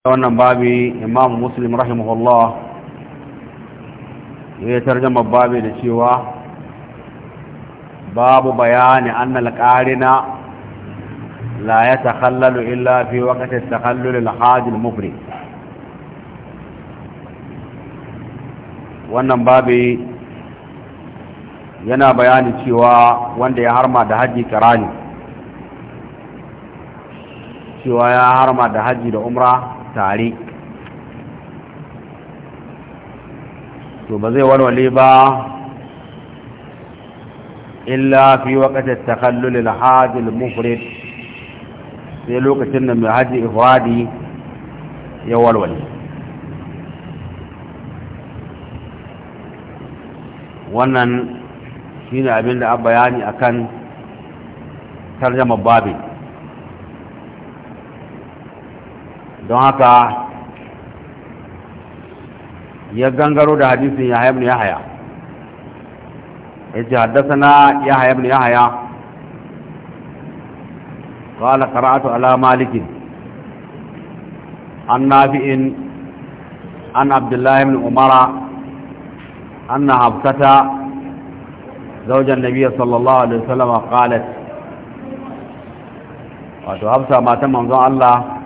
wannan babi imamu muslim rahimahullah ya tarjama babi da cewa babu bayani annal qarina la yatakhallalu illa fi waqti at-takhallul al-hajj al-mufri wannan babi yana bayani cewa wanda ya harma da haji karani cewa ya harma da haji da umra tare to ba zai warware ba illa fi waƙatar takallulil hajjil mufrid sai lokacin da mai hajji ifradi ya warware wannan shi ne abin da an bayani akan tarjama babin don haka ya gangaro da hadisin ya haya ya ya ce haddasa ya haya ya haya ƙwala ƙara'atu alamalikin an nafi'in an abdullahi min umara an na hafsata zaujen nabiya sallallahu alaihi wasallama ƙalat wato hafsa matan manzon Allah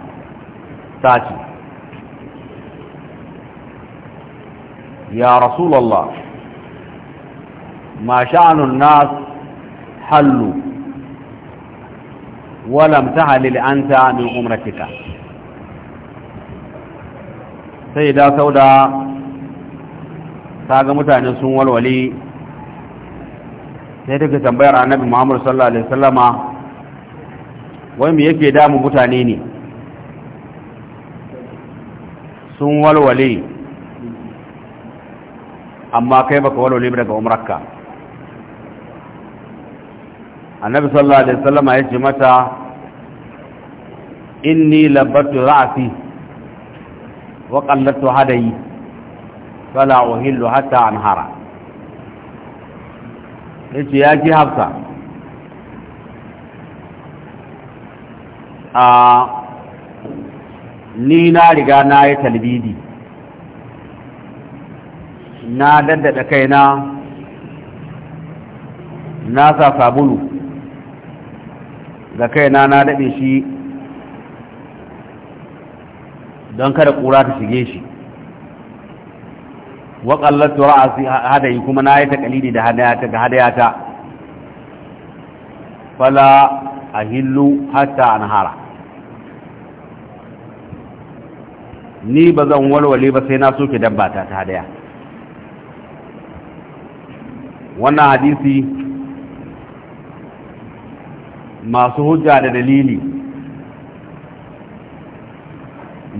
sace ya rasulallah ma sha'anun nas hallu walam tahalil anta min umratika sai da sauda ta ga mutane sun walwale sai take tambayar annabi Muhammadu sallallahu alaihi wasallama wai me yake damu mutane ne sun walwale amma kai baka walwale daga umrakka annabi sallallahu alaihi wasallam ya ce mata inni labbatu ra'si wa qallatu hadayi fala uhillu hatta anhara yace ya ki hafsa a ni na riga na yi talbidi na daddada kaina na sa sabulu ga kaina na daɗe shi don kada ƙura ta shige shi waƙallar tura hada hadayi kuma na yi takalidi da hadayata fala a hillu hatta an hara ni ba zan walwale ba sai na soke dabbata ta ta daya wannan hadisi masu hujja da dalili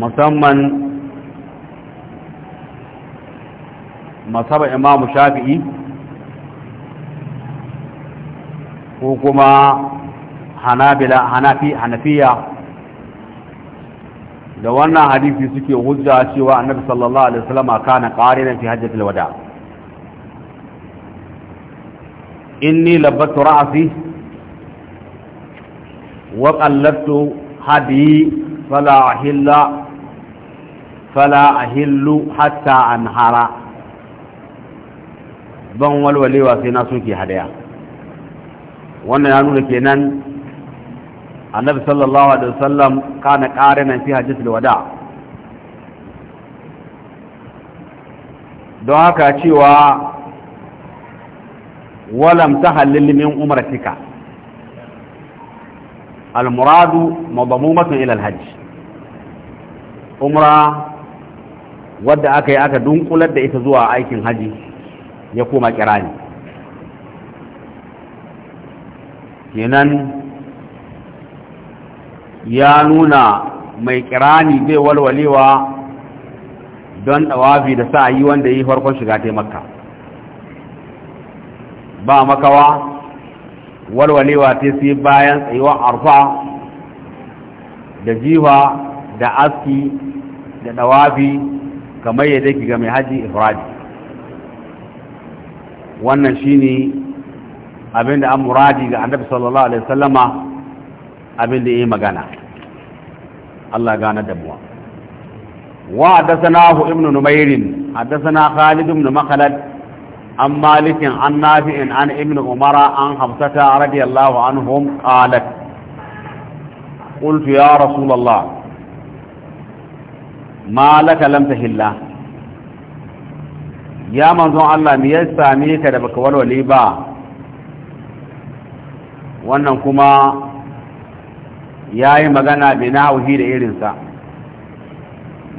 musamman masaba imamu shafi'i ko kuma hanafiya da wannan hadisi suke hujja cewa annabi sallallahu alaihi wasallam kana qarinan fi hajjatil wada inni labbatu ra'si wa qallabtu hadi fala ahilla fala ahillu hatta anhara ban walwalewa sai na soke hadaya wannan ya nuna kenan annabi sallallahu alaihi wasallam kana qarinan fi hajjatul wada don haka cewa walam tahallil min umratika المراد مضمومة إلى الحج umra wadda aka yi aka dunkular da ita zuwa aikin haji ya koma kirani kenan ya nuna mai kirani zai walwalewa don ɗawafi da sa yi wanda yi farkon shiga ta makka ba makawa walwalewa ta sai bayan tsayuwar arfa da jiwa da aski da dawafi kamar yadda ki ga mai haji ifradi wannan shine abinda an muradi ga annabi sallallahu alaihi wasallama abin da ya yi magana Allah gane da mu wa hadathanahu ibnu numair hadathana khalid ibn makhlad an malik an nafi an ibnu umara an hafsata radiyallahu anhum qalat قلت ya رسول الله ما لك لم ya manzon Allah me ya same ka da baka walwale ba wannan kuma ya yi magana bi na da irinsa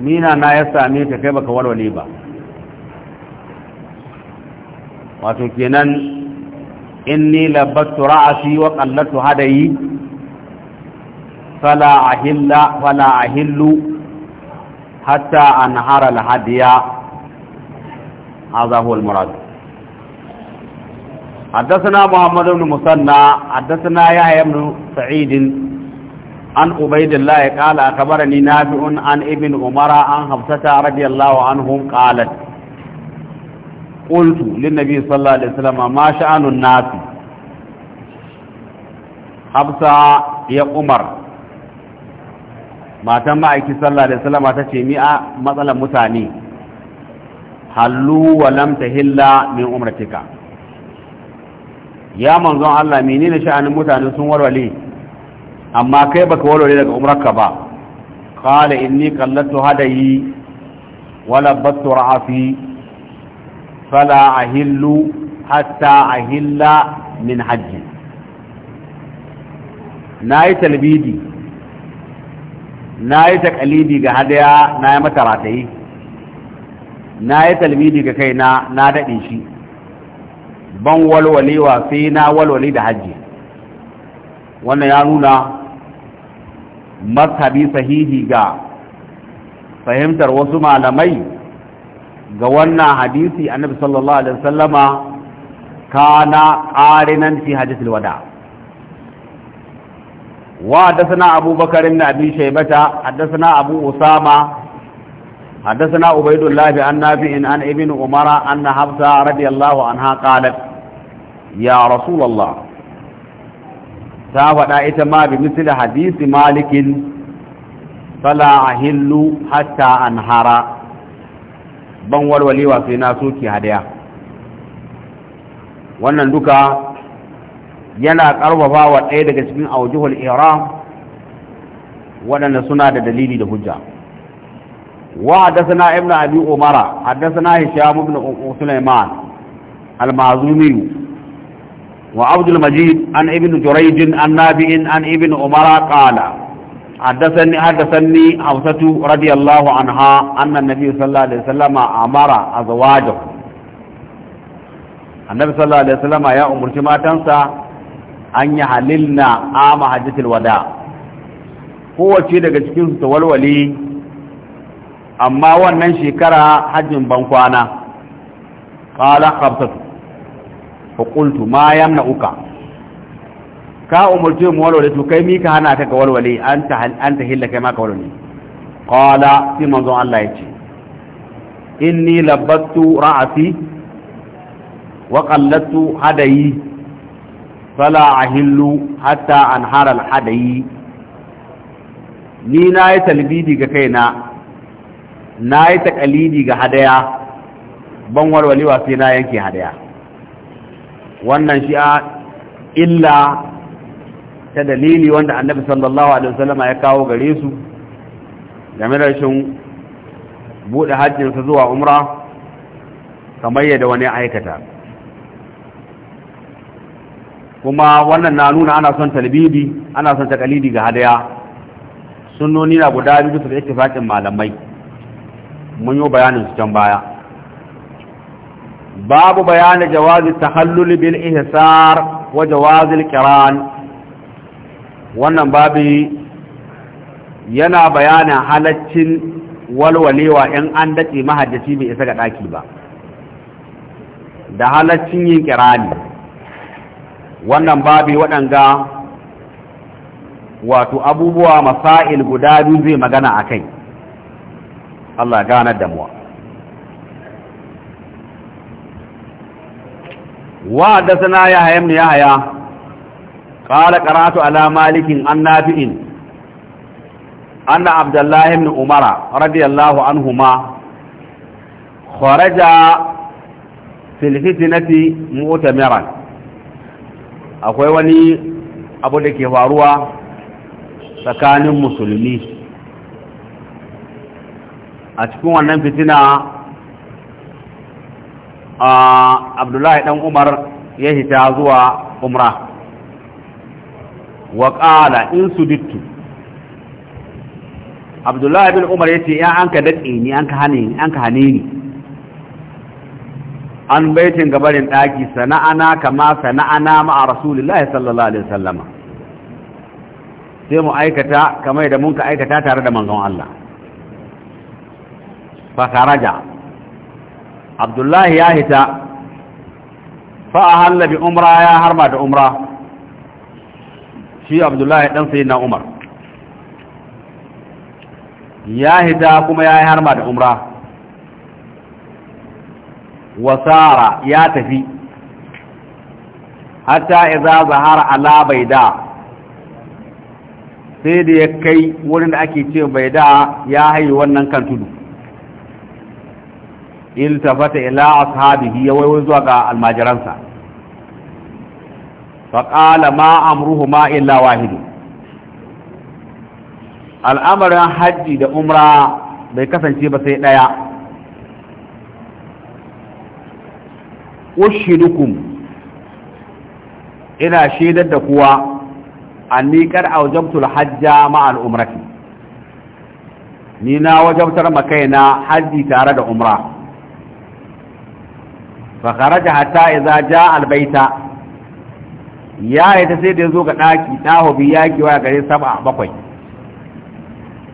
nina na ya same ta kai baka walwale ba wato kenan inni labbattu ra'asi wa qallatu hadayi fala ahilla fala ahillu hatta anhara al hadha huwa al حدثنا محمد بن مسنى حدثنا يحيى بن سعيد عن عبيد الله قال أخبرني نافع عن ابن عمر عن حفصة رضي الله عنهم قالت قلت للنبي صلى الله عليه وسلم ما شأن الناس حفصة يا عمر ما تم أيكي صلى الله عليه وسلم تشميع مثلا متاني حلو ولم تهل من عمرتك يا منظر الله منين شأن المتاني سنور وليه amma kai baka walwale daga umarka ba qala inni qallatu hadayi wa labattu ra'afi fala ahillu hatta ahilla min hajji Na nayi talbidi yi takalidi ga hadaya nayi mata ratayi yi talbidi ga kaina na dade shi ban walwalewa sai na walwale da hajji wannan ya nuna mazhabi sahihi ga fahimtar wasu malamai ga wannan hadisi annabi sallallahu alaihi wasallama kana qarinan fi hadithil wada wa hadathana abubakar bakar ibn abi shaybata hadathana abu usama حدثنا عبيد الله بن نافع عن ابن عمر أن حفصة رضي الله عنها قالت يا رسول الله ta faɗa ita ma bi misali hadisi malikin fala a hillu hatta an hara ban walwalewa sai na soke haɗaya. wannan duka yana ƙarfafa wa ɗaya daga cikin aujihul iram waɗanda suna da dalili da hujja wa haddathana ibnu abi umara haddathana hisham ibn sulaiman al-mazumi وعبد المجيد عن ابن جريج عن نابع عن ابن عمر قال حدثني حدثني حفصة رضي الله عنها أن النبي صلى الله عليه وسلم أمر أزواجه النبي صلى الله عليه وسلم يا أم ما تنسى أن يحللنا عام حجة الوداع هو شيء daga cikin su walwali amma wannan shekara hajjin bankwana qala khabsatu faƙultu ma yamna na'uka. ka umarci mu walwale to kai mika hana ka ga walwale an ta an ta hilla kai ma ka walwale qala sai manzon Allah ya inni labbattu ra'asi wa qallattu hadayi fala ahillu hatta anhara al-hadayi ni na yi talbidi ga kaina na yi takalidi ga hadaya ban walwali walwalewa sai na yanke hadaya wannan shi a illa ta dalili wanda annabi sallallahu alaihi wasallama ya kawo gare su game da rashin buɗe hajjinsa zuwa umra kamar yadda wani aikata kuma wannan na nuna ana son talbibi ana son takalidi ga hadaya sunnoni na guda biyu su da ittifaqin malamai mun yi bayanin su can baya babu bayani jawazi tahallul bil ihsar wa jawazil qiran wannan babi yana bayanin halaccin walwalewa in an dace mahaddaci bai isa ga ɗaki ba da halaccin yin kirani wannan babi waɗanga wato abubuwa masa'il guda biyu zai magana a kai Allah ganar da وحدثنا يحيى بن يحيى قال قرات على مالك النافع ان عبد الله بن عمر رضي الله عنهما خرج في الفتنه مؤتمرا akwai wani abu da ke faruwa tsakanin musulmi a cikin wannan fitina abdullahi dan umar ya hita zuwa umra wa ƙala in su dittu abdullahi bin umar ya ce ya an ka daɗe ni an ka hane ni an baitin gabarin ɗaki sana'ana kama sana'ana ma'a rasulullahi sallallahu alaihi wasallama sai mu aikata kamar da mun ka aikata tare da manzon Allah fa kharaja abdullahi ya hita Fa'a bi umra ya harma da umra shi abdullahi ɗan sai na umar ya hita kuma ya yi harma da umra wasara ya tafi hatta iza zahara ala bai da sai da ya kai wurin da ake ce bai da ya haihu wannan kan tudu iltafata ila ashabihi ya wai zuwa ga almajiransa faƙala ma amruhu ma illa wahidi al'amarin hajji da umra bai kasance ba sai ɗaya ushidukum ina shaidar da kuwa anni niƙar aujabtul hajja ma al umrati ni na wajabtar makaina hajji tare da umra fakaraja hatta iza ja albaita ya yi sai da ya zo ga ɗaki ɗaho hobi ya wa gare saba bakwai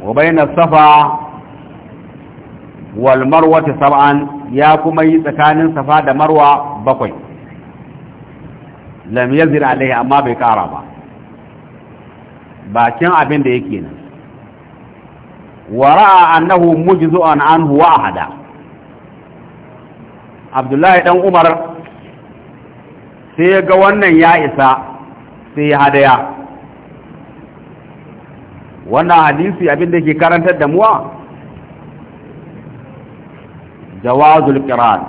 wabaina safa wal marwa saban ya kuma yi tsakanin safa da marwa bakwai lam yazir alaihi amma bai kara ba bakin abin da yake nan wara'a annahu mujzu'an anhu wa ahada abdullahi dan umar sai ya ga wannan ya isa sai ya hadaya wannan hadisi abinda ke karantar da muwa jawazul kiran,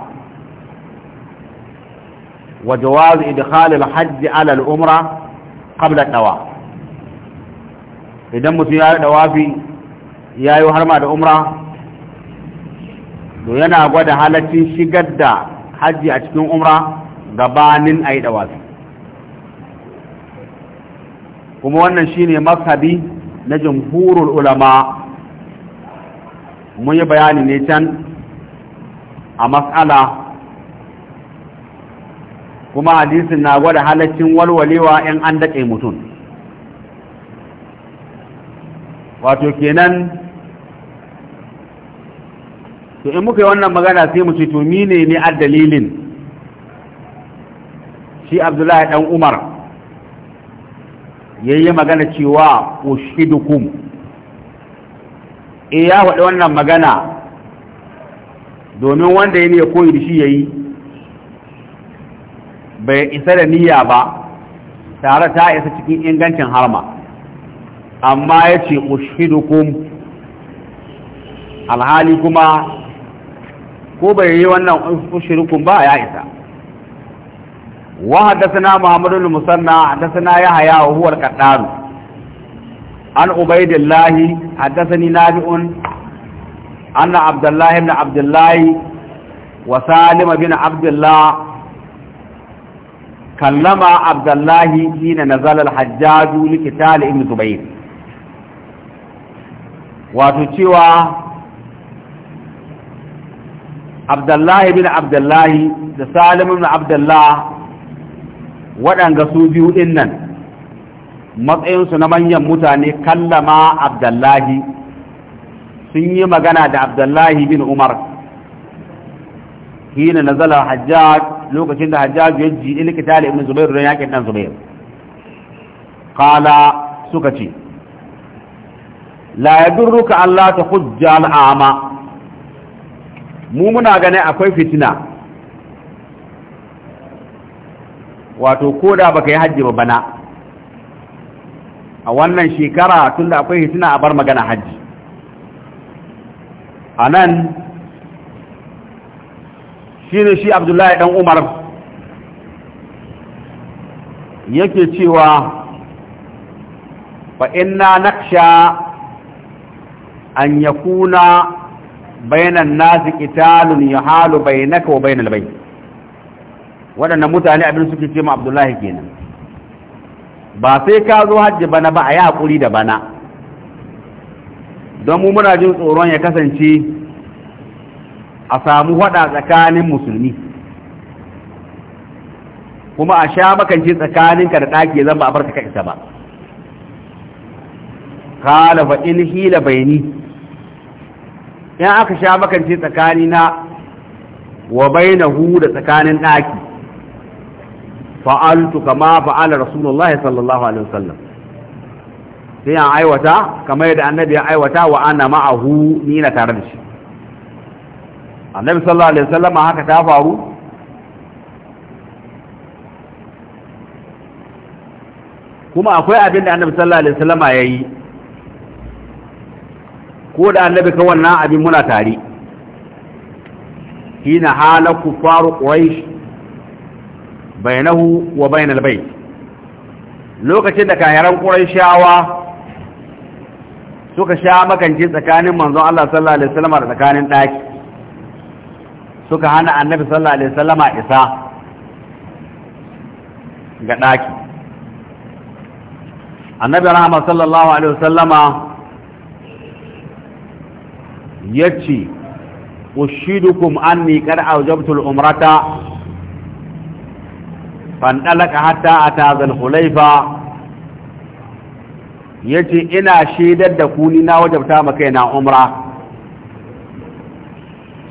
wa jawaz idkhal hajji hajj ala al-umra qabla dawa idan mutum ya dawafi yayi harma da umra to yana gwada halaccin shigar da hajji a cikin umra gabanin a yi dawafi kuma wannan shine mazhabi na jamhurul ulama mun yi bayani ne can a matsala kuma hadisin na gwada halaccin walwalewa in an daƙe mutum wato kenan to in muka yi wannan magana sai mu ce to mine ne a dalilin shi abdullahi dan umar ya yi magana cewa ushidukum e ya faɗi wannan magana domin wanda ya ne koyi da shi ya yi bai isa da niyya ba tare ta isa cikin ingancin harma amma ya ce ushidukum alhali kuma ko bai yi wannan shirkun ba ya isa wa haddathana muhammadu al-musanna haddathana yahya wa huwa al-qattan an ubaydillah haddathani nabi'un anna abdullah ibn abdullah wa salim ibn abdullah كلم عبد الله حين نزل الحجاج لقتال ابن زبير وتشوى abdullahi bin abdullahi da salim bin abdullah waɗanga su biyu ɗin nan matsayinsu na manyan mutane kallama abdullahi sun yi magana da abdullahi bin umar hina nazala hajjaj lokacin da hajjaj ya ji likita da ibn Zubairu don yaƙin dan Zubairu qala suka ce la yadurruka allah ta hujja al'ama mu muna ganin akwai fitina wato ko da baka yi hajji ba bana a wannan shekara tun akwai fitina a bar magana hajji a nan shi ne shi abdullahi dan umar yake cewa fa inna naksha an yakuna bainan nasi qitalun yahalu bainaka wa bainal bai? wadannan mutane abin suke ce ma Abdullahi kenan ba sai ka zo hajji bana ba a yi hakuri da bana don mu muna jin tsoron ya kasance a samu haɗa tsakanin musulmi kuma a sha makanci tsakaninka da ɗaki zan ba a farka ka isa ba kala fa in hila baini in aka sha makance tsakani na wa bainahu da tsakanin daki fa'altu kama fa'ala rasulullahi sallallahu alaihi wasallam sai an aiwata kamar yadda annabi ya aiwata wa ana ma'ahu ni na tare da shi annabi sallallahu alaihi wasallam haka ta faru kuma akwai abin da annabi sallallahu alaihi wasallam ya yi ko da annabi ka wannan abin muna tare hina hala faru quraish bainahu wa bainal bayt lokacin da kayaran quraishawa suka sha makance tsakanin manzon Allah sallallahu alaihi wasallam da tsakanin daki suka hana annabi sallallahu alaihi wasallama isa ga daki annabi rahama sallallahu alaihi wasallama yace ushidukum anni qad aujabtul al-umrata fandalaka hatta ata zal hulaifa yace ina shaidar da ku ni na wajabta maka na umra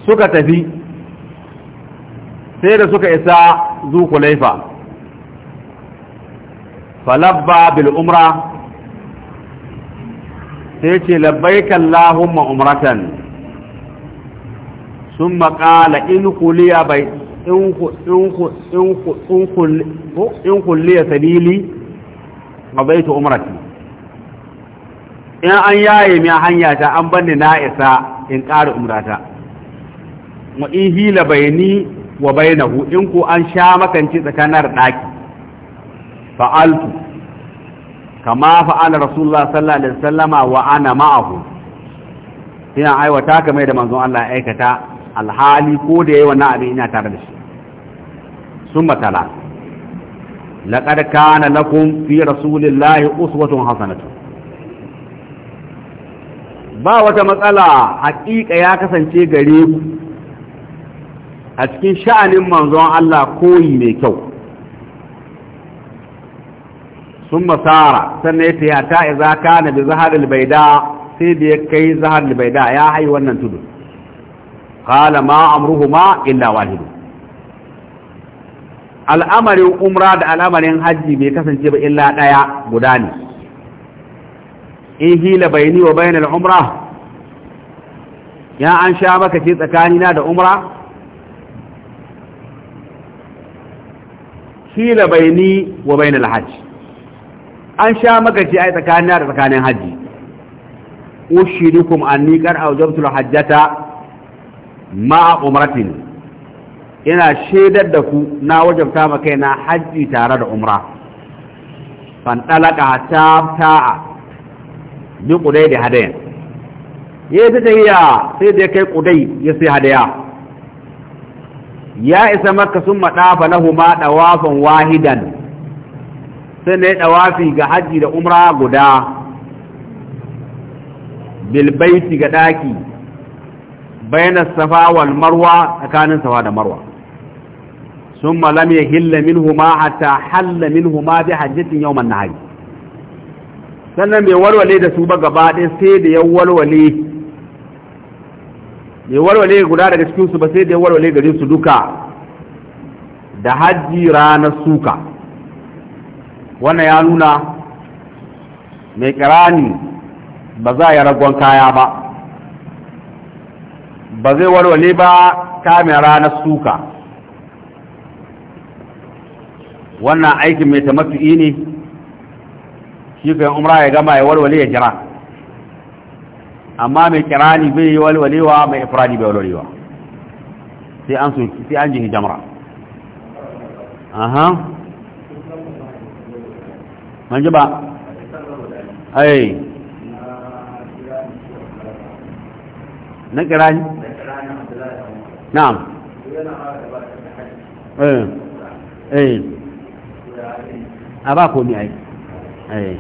suka tafi sai da suka isa zu hulaifa falabba bil umra sai ce labbaika allahumma umratan sun maƙala in kuliya bai in kuliya sabili a baitu umarati in an yaye mai hanya ta an banni na isa in ƙara umrata wa in hila bayani wa bainahu in ko an sha makanci tsakanar ɗaki fa'altu kama fa'ala rasulullah sallallahu alaihi wasallama wa ana ma'ahu ina aiwata kamar da manzon Allah aikata alhali ko da yawa na abin ina tare da shi sun matala laƙar kana lakum fi rasulillahi uswatun hasanatu ba wata matsala haƙiƙa ya kasance gare ku a cikin sha'anin manzon Allah koyi mai kyau sun masara sannan ya ta iza kana bi zahar albaida sai da ya kai zahar albaida ya haihu wannan tudu qala ma amruhuma illa wahid al'amarin umra da al'amarin hajji bai kasance ba illa daya guda ne in hila bayni wa bainal umra ya an sha maka ce tsakanina da umra hila wa hajji an sha maka ce ai tsakanina da tsakanin hajji ushirikum anni qad awjabtu hajjata ma'a umratin ina shaidar da ku na wajabta ma kaina hajji tare da umra fantalaka ta ta'a bi kudai da hadaya yayi ta tayya sai da kai kudai ya sai hadaya ya isa maka sun maɗafa na huma dawafan wahidan sai na yi ɗawafi ga hajji da umra guda bilbaiti ga ɗaki bayanar safa wal marwa tsakanin safa da marwa sun malam ya hilla min huma hatta halla min huma bi hajjatin yau man nahari sannan bai warware da su ba gaba ɗaya sai da ya warware bai warware guda daga cikinsu ba sai da ya warware gare su duka da hajji ranar suka wannan ya nuna mai kirani ba za ya ragon kaya ba ba zai warware ba kamera na suka wannan aikin mai tamattu'i ne shi yi umra ya gama ya walwale ya jira amma mai kirani bai yi walwalewa mai ifirani bai walwalewa sai an su sai an jihi jamra aha manji ba ai na kirani na'am eh eh ai eh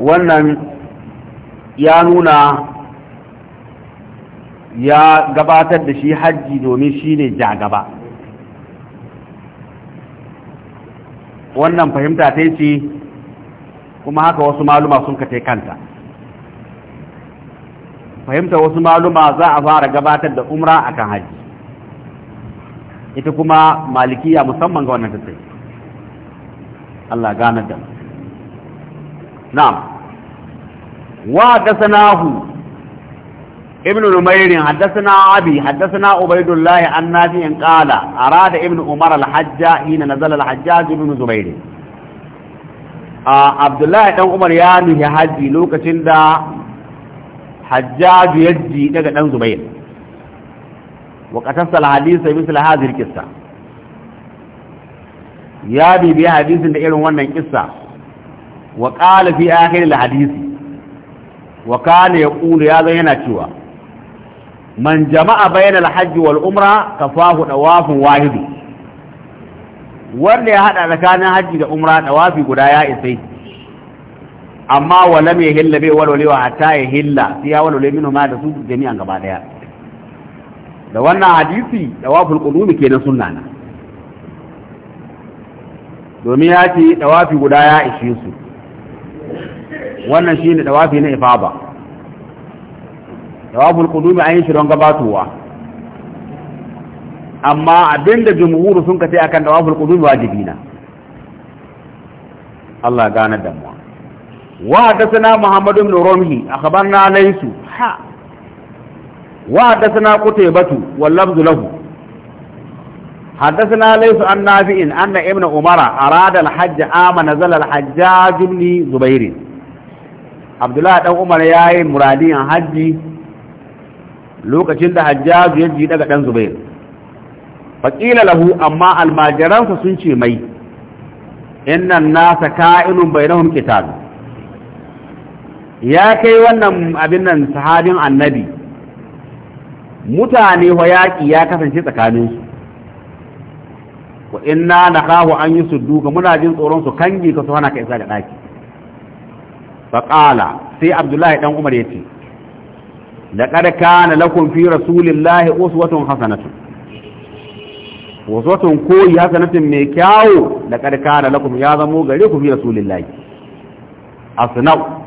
wannan ya nuna ya gabatar da shi hajji domin shi ne jagaba wannan fahimta ta ce kuma haka wasu maluma sun ka kanta fahimta wasu maluma za a fara gabatar da umra a kan haji ita kuma malikiya musamman ga wannan tattai Allah gane da na'am wa dasanahu ibnu numairin haddasana abi haddasana ubaidullahi annabi in qala arada ibnu umar al-hajja hina nazala al-hajjaj ibnu zubair a ah, abdullahi dan umar ya nuhi haji lokacin da hajjaj yajji daga ɗan zubair wa qatasa al-hadith misl hadhihi al-qissa ya bibi hadisin da irin wannan kisa. wa qala fi akhir al-hadith wa kana ya zan yana cewa man jama'a bayna al-hajj wal umra kafahu dawafun wahid wanda ya haɗa tsakanin hajji da umra dawafi guda ya isai amma walam ya hilla bai walwalewa hatta ya hilla sai ya walwale minu ma da su jami'an gaba daya da wannan hadisi dawaful qulumi kenan sunna na domin ya ce dawafi guda ya ishe su wannan shine dawafi na ifaba dawaful qulumi an yi shi don gabatowa amma abinda jumhur sun kace akan dawaful qulumi wajibi na Allah gane damuwa. وحدثنا محمد بن رمحي أخبرنا ليس ها وحدثنا قتيبة واللفظ له حدثنا ليس عن نافع أن ابن عمر أراد الحج عام نزل الحجاج بن زبير عبد الله بن عمر ياي مرادين حجي lokacin da hajjazu ya ji daga dan zubair faƙila lahu amma almajiransa sun ce mai innan nasa ka'inun bainahum qital ya kai wannan abin nan sahabin annabi mutane wa yaƙi ya kasance tsakaninsu wa inna na kawo an yi duka muna jin tsoron su kangi ka su hana ka isa da ɗaki faƙala sai abdullahi ɗan umar ya ce da ƙarƙa na lakon fi rasulillahi uswatun hasanatun uswatun koyi hasanatun mai kyawo da ƙarƙa na lakon ya zamo gare ku fi rasulillahi asnau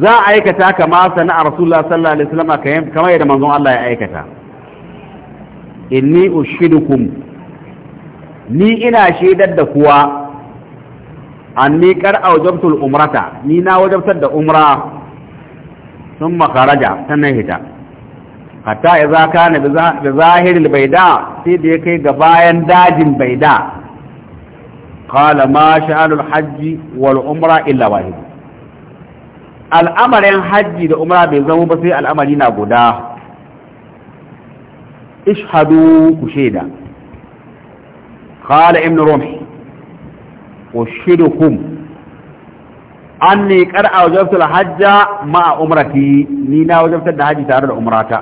za a aikata kama sana'a rasulullah sallallahu alaihi wasallam kamar yadda manzon Allah ya aikata inni ushidukum ni ina shaidar da kuwa anni kar awjabtul umrata ni na wajabtar da umra sun makaraja sannan hita hatta ya za ka da zahirin baida sai da ya kai ga bayan dajin baida kala ma sha'anul hajji wal umra illa wahid al'amarin hajji da umra bai zama ba sai al'amari na guda ishadu ku shaida qala ibn rumh shidukum anni qar'a wajabtu al-hajja ma'a umrati ni na wajabtar da Hajji tare da umrata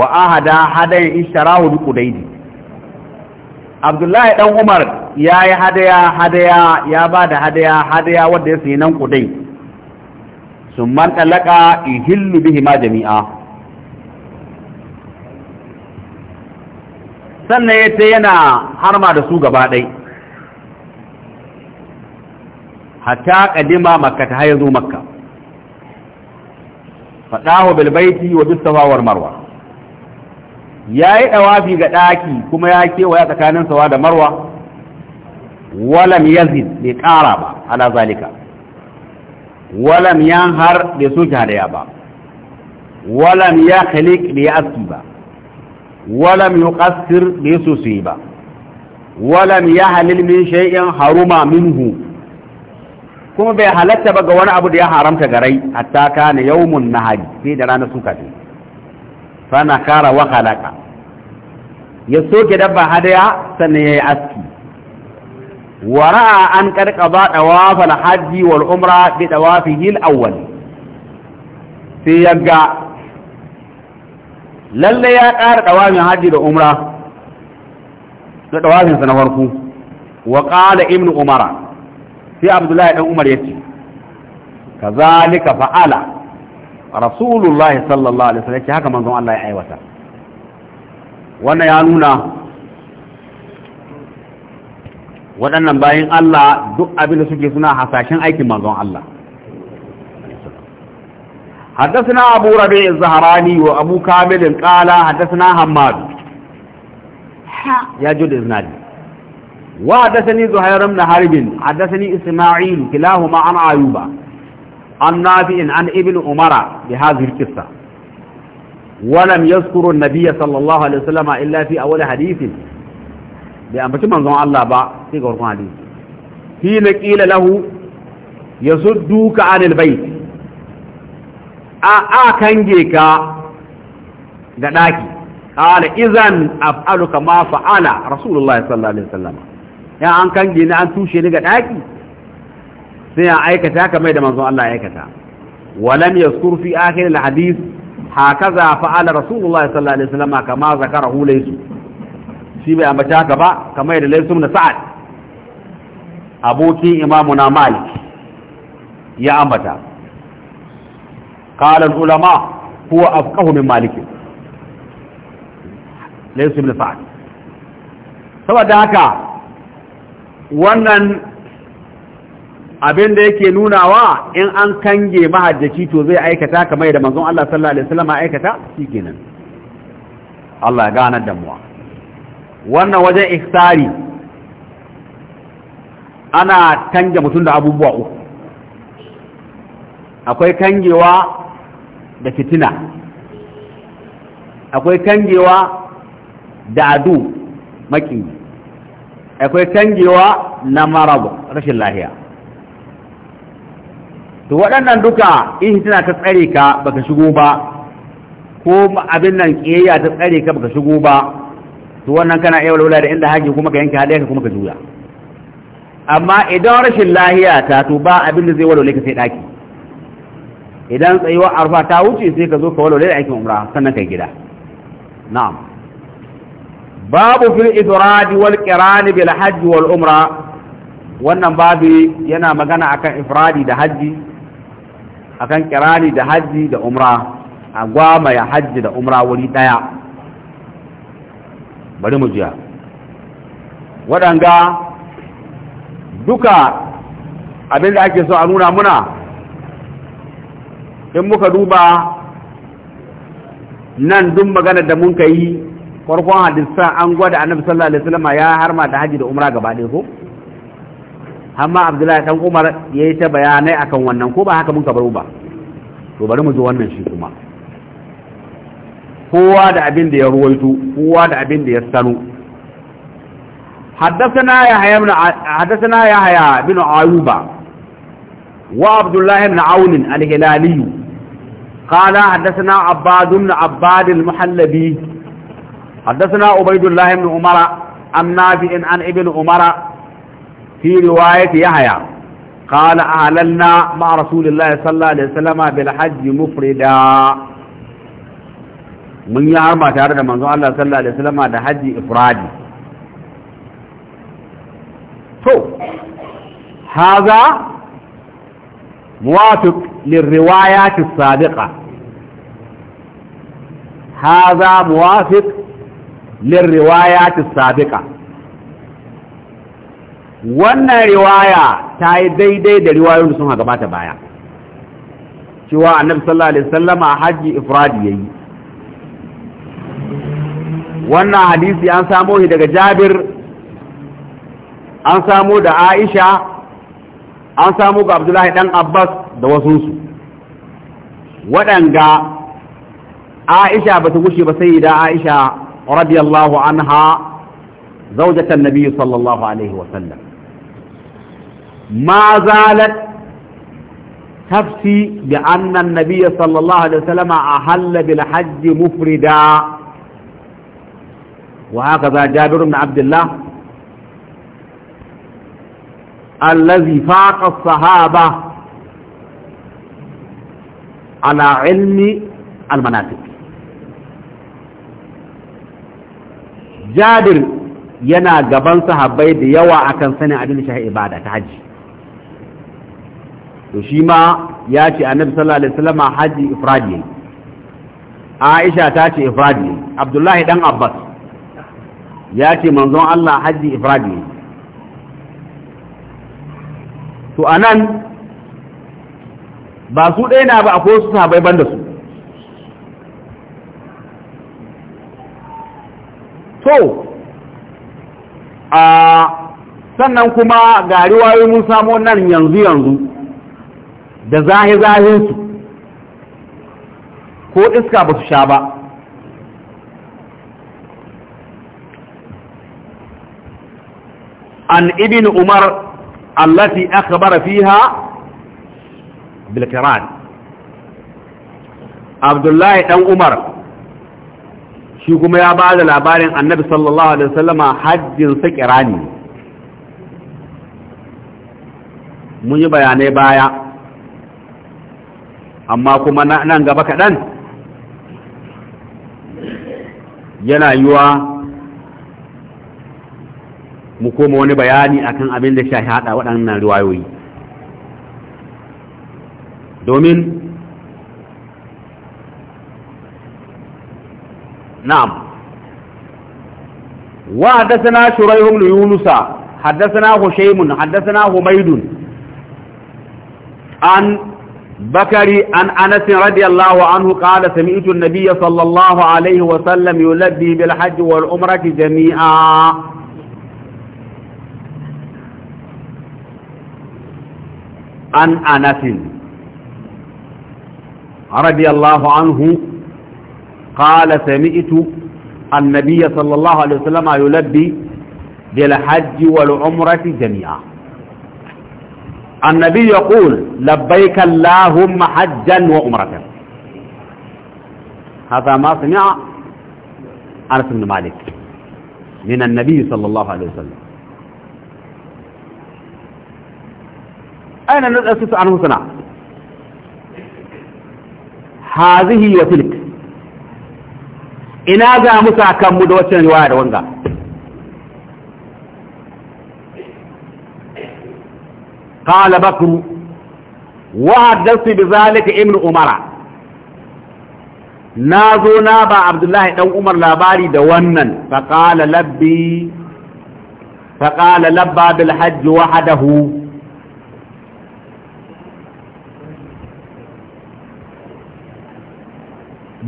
wa ahada hadai ishtarahu bi qudaydi abdullahi dan umar yayi hadaya hadaya ya bada hadaya hadaya wanda ya sayi nan qudaydi sun man talaka ihillu bihi ma jami'a sannan ya ta yana harma da su gaba ɗai hatta ƙadima makka ta haizu makka faɗahu bilbaiti wa bisawawar marwa ya yi ɗawafi ga ɗaki kuma ya kewaya tsakanin sawa da marwa walam yazid bai ƙara ba ala zalika walam har bai soke hadaya ba walam ya khaliq bai aski ba walam yuqassir bai sosai ba walam ya halil min shay'in haruma minhu kuma bai halatta ba ga wani abu da ya haramta garai hatta kana yawmun nahari sai da rana suka ce fana kara wa khalaqa ya soke dabba hadaya sannan yayi aski ورأى أن قرقضى أواف الحج والعمرة بتوافه الأول في يبقى للي يقار قوام الحج والعمرة لتوافه سنفرقه وقال ابن عمر في عبد الله بن عمر يتي كذلك فعل رسول الله صلى الله عليه وسلم هكذا من ظن الله يحيي وسلم وانا يعنونا waɗannan bayan Allah duk abin da suke suna hasashen aikin manzon Allah حدثنا أبو ربيع الزهراني وأبو كامل قال حدثنا حماد يا جد إذنادي وحدثني زهير بن حرب حدثني إسماعيل كلاهما عن عيوب عن نافع عن ابن عمر بهذه القصة ولم يذكر النبي صلى الله عليه وسلم إلا في أول حديث bai ambaci manzon Allah ba sai ga farkon hadisi fi na kila lahu ya yasudduka anil bait a a kange ka ga daki qala idan af'alu ma fa'ala rasulullahi sallallahu alaihi wasallam ya an kange ni an tushe ni ga daki sai ya aikata ka mai da manzon Allah ya aikata walam yazkur fi akhir al hadith hakaza fa'ala rasulullahi sallallahu alaihi wasallam kama zakarahu laysu shi bai ambaci haka ba kamar da laisum na sa'ad abokin imamu na malik ya ambata kalan ulama kuwa afqahu min malikin laisum na sa'ad saboda haka wannan abin da yake nunawa in an kange mahajjaci to zai aikata kamar da manzon Allah sallallahu alaihi wasallam aikata shikenan Allah ya gane damuwa wannan wajen iftari ana kange mutum da abubuwa uku akwai kangewa da fitina akwai kangewa da adu maki akwai kangewa na marabu rashin lahiya to waɗannan duka in tana ta tsare ka baka shigo ba ko abin nan ƙiyayya ta tsare ka baka shigo ba to wannan kana iya walwala da inda haji kuma ka yanke hadaya kuma ka juya amma idan rashin lahiya ta to ba abin da zai walwale ka sai daki idan tsayuwar arfa ta wuce sai ka zo ka walwale da aikin umra sannan kai gida na'am babu fil ifrad wal qiran bil hajj wal umra wannan babu yana magana akan ifradi da haji akan qirani da haji da umra a gwama ya haji da umra wuri daya bari mu jiya waɗanga duka abin da ake so a nuna muna in muka duba nan duk magana da mun ka yi farkon hadisan an gwada annabi sallallahu alaihi wasallam ya harma da haji da umra gaba ɗaya ko amma abdullahi dan umar ya yi ta bayanai akan wannan ko ba haka mun ka baro ba to bari mu ji wannan shi kuma kowa da abin da ya ruwaito kowa da abin da ya sanu حدثنا يحيى بن حدثنا يحيى بن ايوب وعبد الله بن عون الهلالي قال حدثنا عباد بن عباد المحلبي حدثنا عبيد الله بن عمر عن نافع عن ابن عمر في روايه يحيى قال اهللنا مع رسول الله صلى الله عليه وسلم بالحج مفردا mun yi harba tare da manzon Allah sallallahu alaihi wasallam da haji ifradi to haza muwafiq lirriwayat as-sabiqa haza muwafiq lirriwayat as-sabiqa wannan riwaya ta yi daidai da riwayoyin da sun gabata baya cewa annabi sallallahu alaihi wasallama haji ifradi yayi wannan hadisi an samo shi daga jabir an samo da aisha an samo ga abdullahi dan abbas da wasunsu waɗanga aisha ba ta gushe ba sai da aisha radiyallahu anha zaujatan nabi sallallahu alaihi wa wasallam ma zalat تفتي بأن sallallahu صلى wa sallama وسلم أحل بالحج مفردا وهكذا جابر بن عبد الله الذي فاق الصحابة على علم المناسك جابر yana gaban sahabai da yawa akan sanin abin da shahi ibada ta haji to shi ma ya ce annabi sallallahu alaihi wasallam haji Aisha ta ce Abdullahi dan Abbas ya ce manzon Allah hajji ifradi ne to anan ba su ɗaya na ba akwai su sahabai ban da su to a sannan kuma ga riwayoyi mun samu nan yanzu yanzu da zahi su ko iska ba su sha ba عن ابن عمر التي أخبر فيها بالقران عبد الله بن عمر shi kuma ya ba da labarin annabi sallallahu alaihi wasallama hajjin sa mun yi bayanai baya amma kuma nan gaba kaɗan yana yiwuwa. mu koma wani bayani akan abin da shahi hada waɗannan riwayoyi domin na'am wa haddathana shurayh ibn yunus haddathana hushaym haddathana humayd an بكري أن أنس رضي الله عنه قال سمعت النبي صلى الله عليه وسلم يلبي بالحج والعمرة جميعا عن أنس رضي الله عنه قال سمعت النبي صلى الله عليه وسلم يلبي بالحج والعمرة جميعا النبي يقول لبيك اللهم حجا وعمرة هذا ما سمع أنس بن مالك من النبي صلى الله عليه وسلم أين نسأل عنه سنة هذه وتلك ina za mu sakammu da waccan riwaya da wanga qala bakr wa haddathu bi zalika ibn umar nazo na ba abdullahi Ɗan umar labari da wannan fa qala labbi fa qala labba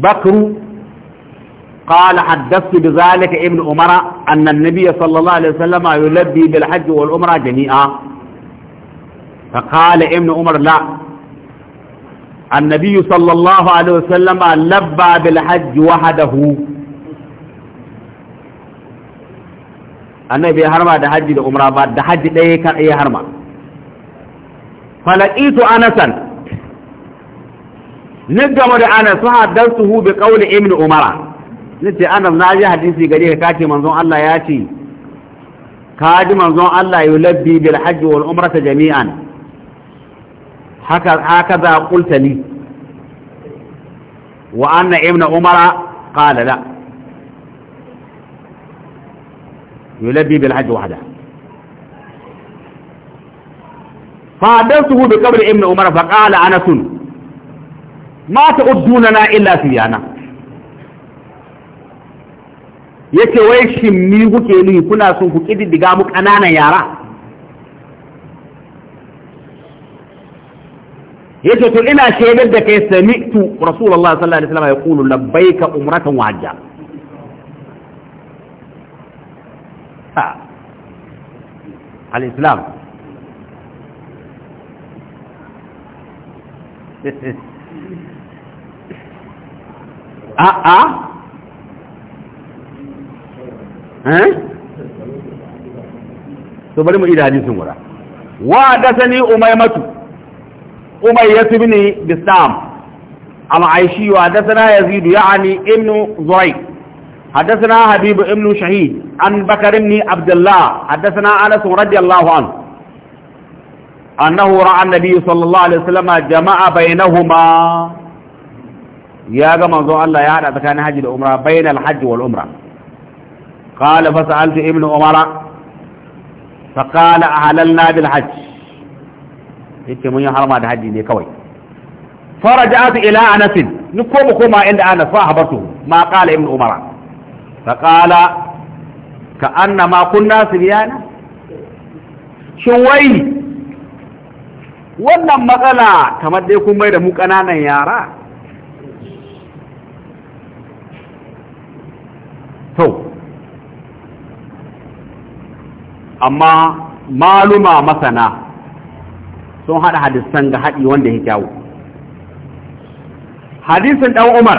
بكر قال حدثت بذلك ابن عمر أن النبي صلى الله عليه وسلم يلبي بالحج والعمرة جميعا فقال ابن عمر لا النبي صلى الله عليه وسلم لبى بالحج وحده annabi ya harma da hajji da بعد ba حج ده ɗaya ya harma falaƙitu anasan نجم رعانا سوها دلته بقول ابن عمر نتي أنا ناجي حديثي قريه كاتي منظوم الله ياتي كاتي منظوم الله يلبي بالحج والعمرة جميعا هكذا قلت لي وأن ابن عمر قال لا يلبي بالحج وحده فحدثته بقبر ابن عمر فقال انس ma na illa siyana yace wai shin ni kuke ni kuna son ku kididdiga mu kananan yara yace to ina shaidar da kai sami'tu rasulullah sallallahu alaihi wasallam yaqulu labbaika umratan wa hajja ha al-islam a a eh to bari mu idani sun gura wa dasani umaymatu umayyah ibn bisam al-aishi wa dasana yazid yani ibn zuraik حدثنا حبيب ابن شهيد عن بكر بن عبد الله حدثنا انس رضي الله عنه انه راى النبي صلى الله عليه وسلم جمع بينهما ya ga manzon Allah ya hada tsakanin haji da umra bainal hajji wal umra qala fa sa'altu ibn umara fa qala ahlalna bil hajj Yake mun yi harma da haji ne kawai faraja'tu ila anas ni ko mu koma inda anas fa habatu ma qala ibn umara fa qala ka annama kunna sibyana shin wai wannan matsala kamar dai kun mai da mu kananan yara to amma maluma masana sun hada hadisan ga haɗi wanda ya kyawu hadisin ɗan umar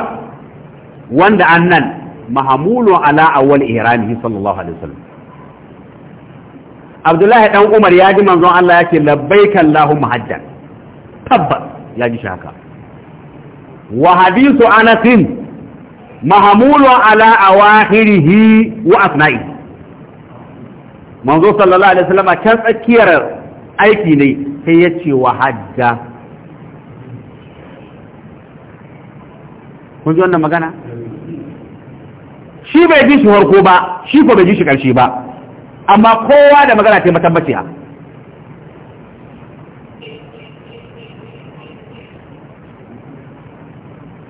wanda an nan mahamulu ala awwal ihramihi sallallahu alaihi wasallam abdullahi ɗan umar ya ji manzon Allah ya ce labbaika allahumma hajjan tabbas ya ji shaka. wa hadisu anasin mahamulun ala awahirihi wa asna'i manzo sallallahu alaihi wasallam can tsakiyar aiki ne sai ya ce wa hajja kun ji wannan magana shi bai ji shi harko ba shi ko bai ji shi karshe ba amma kowa da magana ta matabbaciya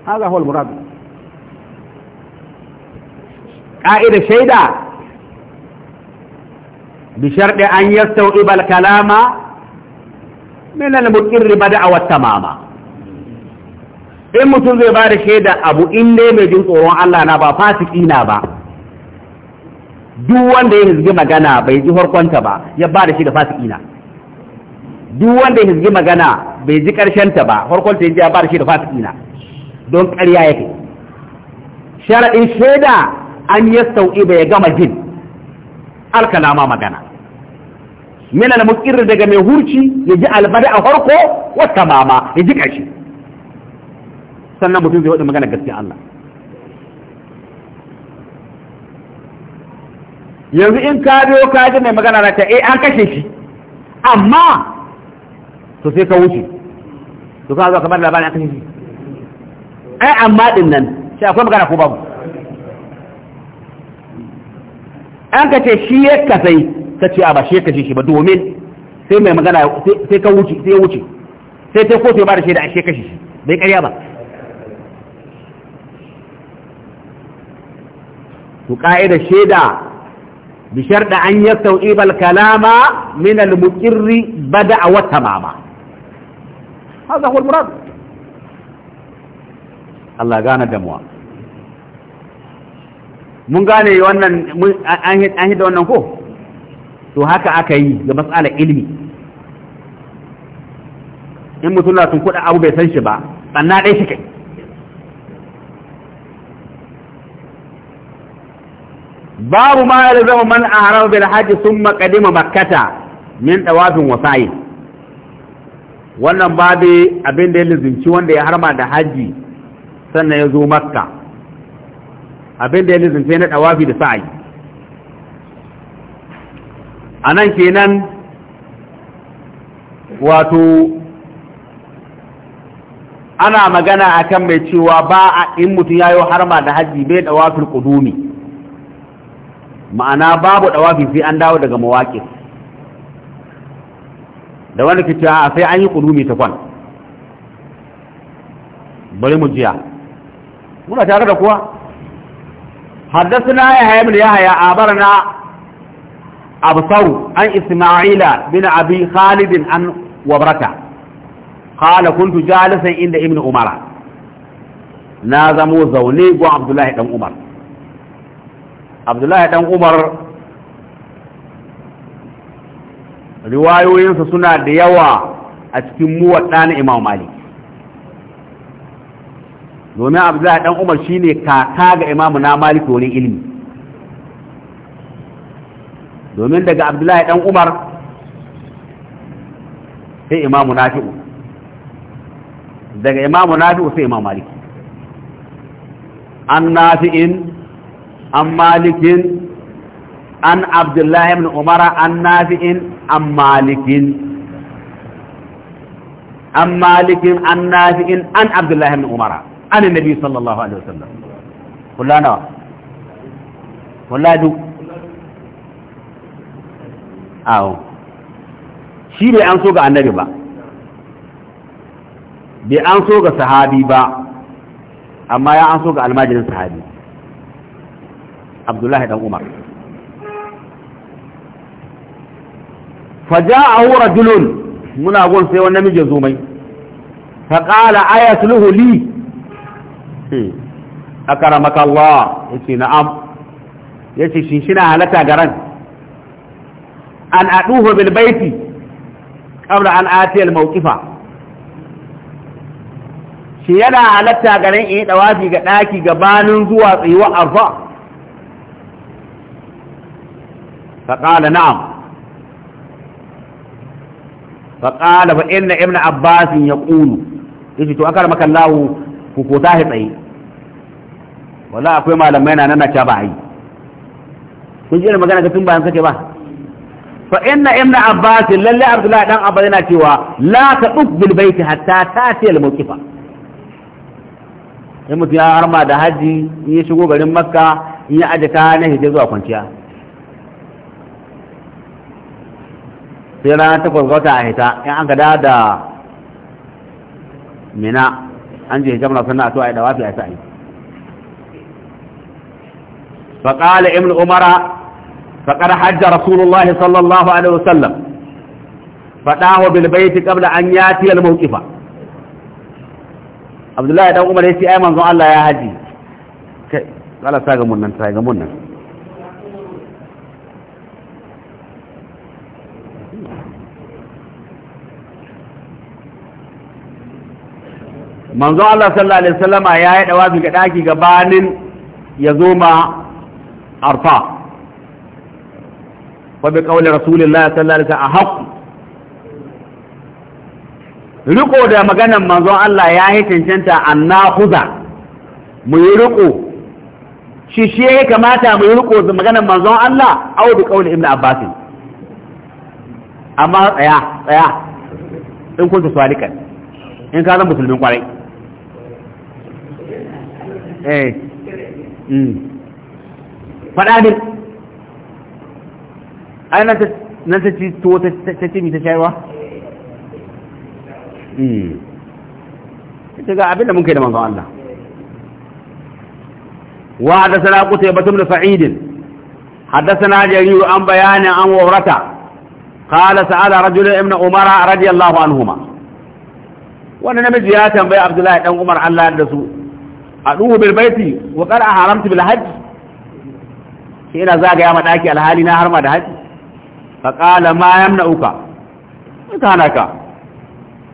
هذا هو المراد ƙa'ida shaida bi ɗaya an yi yastau ibal kalama riba da a wata mama, in mutum zai ba da shaida abu in ne mai jin tsoron Allah na ba fasiki na ba duk wanda ya hizgi magana bai ji harkonta ba ya ba da shi da fasiki na duk wanda ya hizgi magana bai ji ta ba harkonta ya ji ya ba da shi da fasiki na don ƙarya yake sharaɗin shaida an yi sau'i bai gama jin alkalama magana mina al-muqirr daga mai hurci ya ji albari a farko wata mama, ya ji kashi sannan mutum zai wada magana gaskiya Allah yanzu in ka biyo ka ji mai magana na ta eh an kashe shi amma to sai ka wuce to ka zo kamar labarin an kashe shi ai amma din nan sai akwai magana ko babu an ka ce shi ya kasai ka ce a ba shi ya kashe shi ba domin sai mai magana sai ka wuce sai ya wuce sai ta kotu ya ba da shaida a shi ya kashe shi bai karya ba su ka'idar shaida bi da an yastau'iba al-kalama min al-muqirri bada'a wa tamama هذا هو المراد الله غانا damuwa. mun gane wannan an hida wannan ko to haka aka yi ga matsalar ilimi in mutum na sun kuɗa abu bai san shi ba tsanna ɗai shi kai babu ma ya zama man a harar haji sun makadima makkata min ɗawafin wasa'i wannan babu abin da ya lizinci wanda ya harma da haji sannan ya zo makka abin da ya sai na dawafi da sa'ayi a nan kenan wato ana magana akan mai cewa ba a in mutum ya yi harma da hajji bai dawafin kudumi ma'ana babu dawafi sai an dawo daga mawaƙi da wani ke cewa sai an yi kudumi ta kwan bari mu jiya muna tare da kuwa حدثنا يحيى بن يحيى عبرنا أبصر عن إسماعيل بن أبي خالد عن وبركة قال كنت جالسا عند ابن عمر نازموا زوني وعبد الله بن عمر عبد الله بن عمر riwayoyinsa suna da yawa a cikin muwaɗa na imam malik domin abdullahi dan umar shine kaka ga imamu na Maliki wani ilimi domin daga abdullahi dan umar sai imamu nafi'u daga imamu nafi'u sai imamu Maliki. an nafi'in an malikin an abdullahi ibn umara an nafi'in an malikin an malikin an nafi'in an abdullahi ibn umara an annabi sallallahu alaihi wasallam kullana kulladu awo shi bai an so ga annabi ba bai an so ga sahabi ba amma ya an so ga almajirin sahabi abdullahi dan umar فجاءه رجل منا قول سيوى النمي جزومي فقال آية لي Akara maka Allah ce na'am shi shin halatta ga ran an aduhu bil baiti qabla an ati al mawqifa shi yana halatta ran in dawafi ga daki gabanin zuwa tsayuwa arfa qala na'am qala fa inna ibn abbas yaqulu yace to maka Allah ku ta tashi tsaye wala akwai malamai na nan ta ba yi kun ji magana ga tun bayan sake ba fa inna ibnu abbas lalle abdullahi dan abbas yana cewa la ta duk bil baiti hatta ta al muqifa in mutum ya harma da haji in ya shigo garin makka in ya aje na hijira zuwa kwanciya sai ranar takwas ga wata a hita in an gada da mina an je gamar suna to a yi dawafi a sa'ayi faƙali imin umara faƙar hajja rasulullahi sallallahu alaihi bilbaiti ƙabla an ya fiye da mawukifa abdullahi ɗan umar ya ce ai manzon allah ya haji manzo Allah sallallahu alaihi wasallam ya yi dawafi ga daki gabanin ya zo ma arfa wa bi qawli rasulillah sallallahu alaihi wasallam ahq riko da maganan manzo Allah ya yi cancanta annahuza mu yi riko shi shi ya kamata mu yi riko da maganan manzo Allah au bi qawli ibn abbas amma tsaya tsaya in kunta salikan in ka zan musulmin kwarai eh hmm. faɗa din ai nan ta ci tuwo ta mi ta shayarwa hmm. ita ga abinda mun kai da manzon Allah wa hadathana qutayba ibn sa'id hadathana jariru an bayani an wurata qala sa'ala rajulun ibn umara radiyallahu anhuma wannan namiji ya tambaye abdullahi dan umar Allah da su aduhu bil baiti wa qad haramtu bil hajj sai ina zagaya ma daki alhali na harma da haji fa qala ma yamna'uka kana ka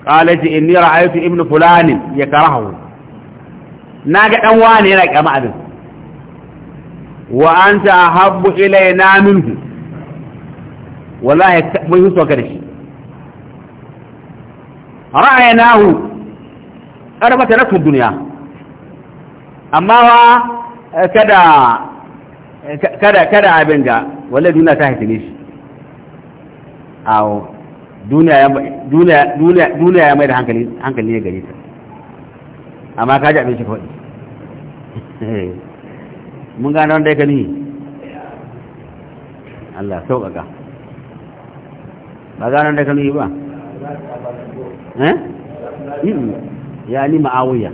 qala ji inni ra'aytu ibn fulan yakrahu naga dan wani yana kyama abin wa anta ahabbu ilayna minhu wallahi mun yi soka da shi ra'aynahu arbata lakum dunya amma wa eh, kada eh, kada kada abin ga wallahi duniya ta hitine shi awo duniya ya duniya duniya duniya ya mai da hankali hankali ne gare ta amma ka ji abin shi kawai mun gane wanda ka ni Allah sauƙaƙa ba gane wanda ka ni ba eh ya ni ma'awiya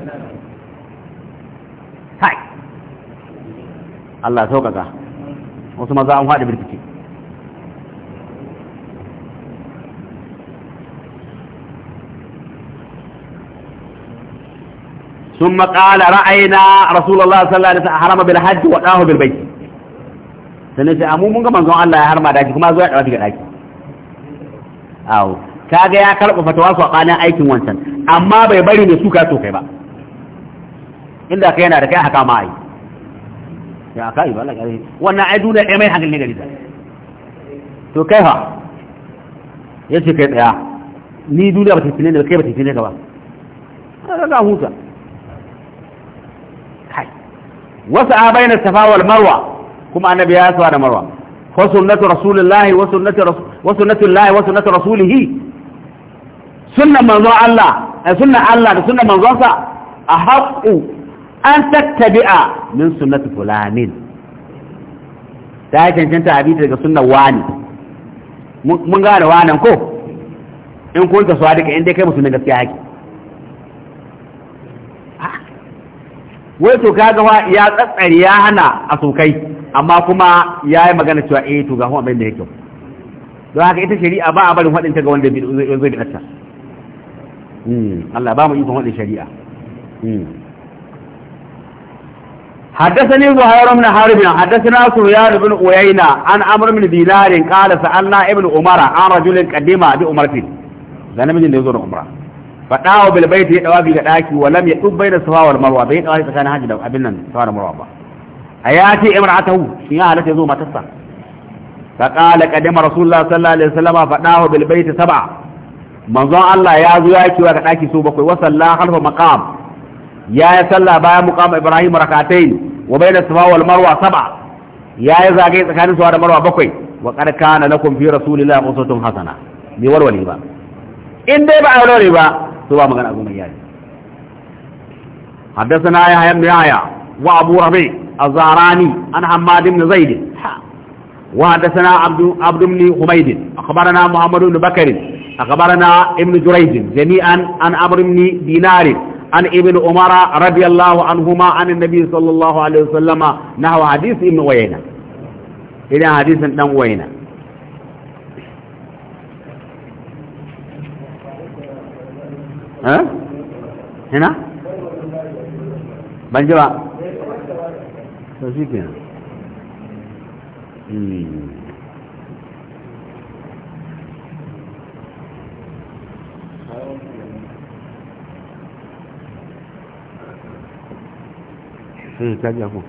Allah saukaka wasu maza an haɗe birkiki sun maƙala ra'ayina rasulallah sallallahu alaihi wasallam harama bil hajji wa ɗahu sai amu mun ga manzon Allah ya harma daki kuma zo ya ɗauki daki awo kaga ya karɓa fatawa su aikin wancan amma bai bari ne su ka so ba inda kai yana da kai haka ma'ai ya kai ba Allah kare wannan ai duniya ɗaya mai hankali ne gari ta to kai fa yace kai tsaya ni duniya ba ta fine ne kai ba ta fine ka ba ka ga huta kai wasu a bayyana safa marwa kuma annabi ya sawa da marwa wasu sunnatu rasulillahi wa sunnatu wa sunnatu llahi wa sunnatu rasulihi sunnan manzon Allah eh, sunnan Allah da sunnan manzonsa a haqqu an tattabi'a min sunnati fulanin ta yi cancanta abita daga sunnan wani mun gane wanan ko in kun ka suwa duka inda kai musu na gaskiya haki wai to kaga wa ya tsatsari ya hana a sokai amma kuma ya yi magana cewa eh to ga hu abin da yake don haka ita shari'a ba a barin ta ga wanda zai da ɗarta hmm, Allah ba mu ikon waɗin shari'a hmm. حدثني زهير بن حرب حدثنا سفيان بن عيينة عن عمرو بن دينار قال سألنا ابن عمر عن رجل قديم بأمرته da da ya zo da umra faɗawa bilbaiti ya dawafi ga ɗaki wa ya ɗubbai da safa wal marwa bai dawafi tsakanin hajji da abin nan safa marwa ba a ya ce imra'atahu shin ya ya zo matarsa fa qala qadama rasulullah sallallahu alaihi faɗawa bilbaiti sab'a manzon Allah ya zo ya kiwa daki ɗaki bakwai wa ya yi sallah bayan muqam ibrahim Rakatai. wa bayna safa wal marwa sab'a ya yi zage tsakanin safa da marwa bakwai wa qad kana lakum fi rasulillahi uswatun hasana bi warwali ba in dai ba a warware ba to ba magana abun yayi حدثنا يحيى بن يحيى وابو a zarani an حماد بن زيد Wa haddasa na بن حميد a kabarana Muhammadu بكر a kabarana Ibn Juraidin jami'an an بن dinarin. عن ابن عمر رضي الله عنهما عن النبي صلى الله عليه وسلم نحو حديث ابن وينا إلى حديث ابن وينا ها هنا بنجوا تشيكنا 嗯，家家户。